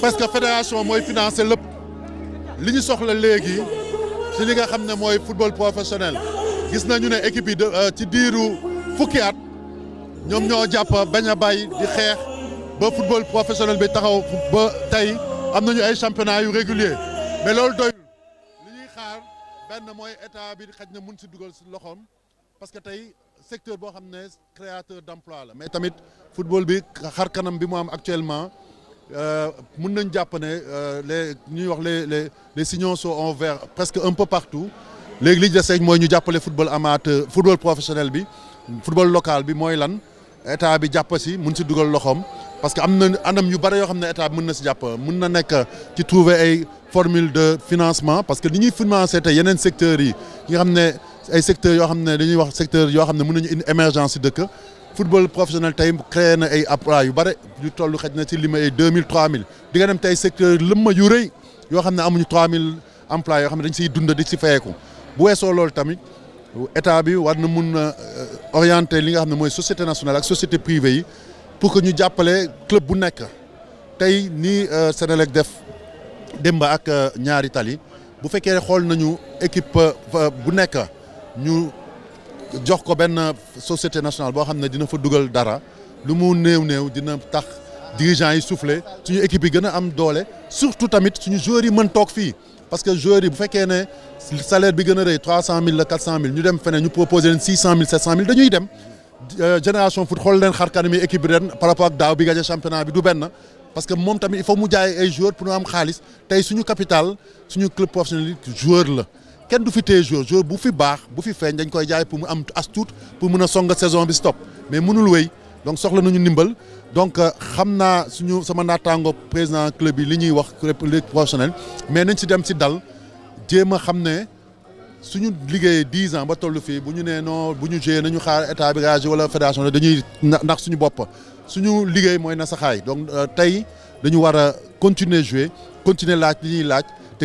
parce que fédération mooy financer lépp li ñu soxla léegi ci li nga xam ne mooy football professionnel gis nañu ne équipe yi euh, ci diiru fukki at ñoom ñoo jàpp bañ a di xeex ba football professionnel bi taxaw ba tey am ay championnat yu régulier mais loolu doyul li ñuy xaar benn mooy état bi xaj na mun si dugal parce que tey secteur boo xam ne créateur d'emploi la mais tamit football bi xar kanam bi mu am actuellement euh, mën euh, les ñuy wax les les les signaux sont en vert presque un peu partout L'église li ñu dese mooy ñu football amateur football professionnel bi football local bi mooy lan état bi jàpp si mun si dugal loxoom parce que am na anam yu bare yoo xam ne état bi mën na si jàpp ci trouver ay formule de financement parce que ni ñuy financer tey yeneen secteurs yi nga xam ne ay secteurs yoo xam dañuy wax secteur yoo xam ne mën nañu indi émergence football professionnel tay créé na ay emplois yu bare yu tollu le ci ay dem secteur leuma yu reuy yo xamne amuñu emplois dañ bu euh, orienter li nga société nationale ak société privée pour que ñu le club bu nek tay ni euh, def demba ak euh, ñaari tali bu fekké xol nañu équipe bu ñu jox ko ben société nationale bo dina fa dara dina tax dirigeants yi soufflé suñu équipe yi gëna am surtout tamit suñu joueurs yi parce que joueurs yi bu salaire bi gëna trois la proposer 000 dañuy euh, génération foot xol leen équipe par rapport ak championnat bi du parce que il faut mu joueurs pour nous am xaliss suñu capital suñu club professionnel joueur la kenn du fi téye jour jour bu fi baax bu fi feeñ dañ koy jaay pour mu am pour a saison bi stop mais mënul wéy donc soxla nañu ndimbal donc euh, xam le suñu sama naataango président club le li wax mais nañ si dem si dal jéem a suñu liggéeyee dix ans ba toll fii bu ñu nee non bu ñu nañu xaar état bi wala fédération dañuy suñu donc euh, dañu a continuer jouer continuer laaj li te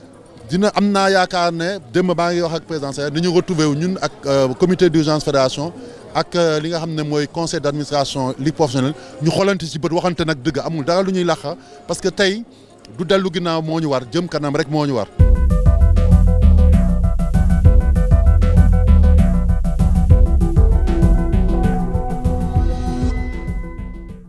dina amna naa yaakaar ne démb baa ngi wax ak président Sarr ni ñu retrouvé wu ñun ak euh, comité d'urgence fédération ak euh, li nga xam moy conseil d'administration li professionnelle ñu xoolante ci bët waxante nak deug amul dara lu ñuy laxa parce que tay du dalu ginaaw moo ñu war jëm kanam rek moo ñu war.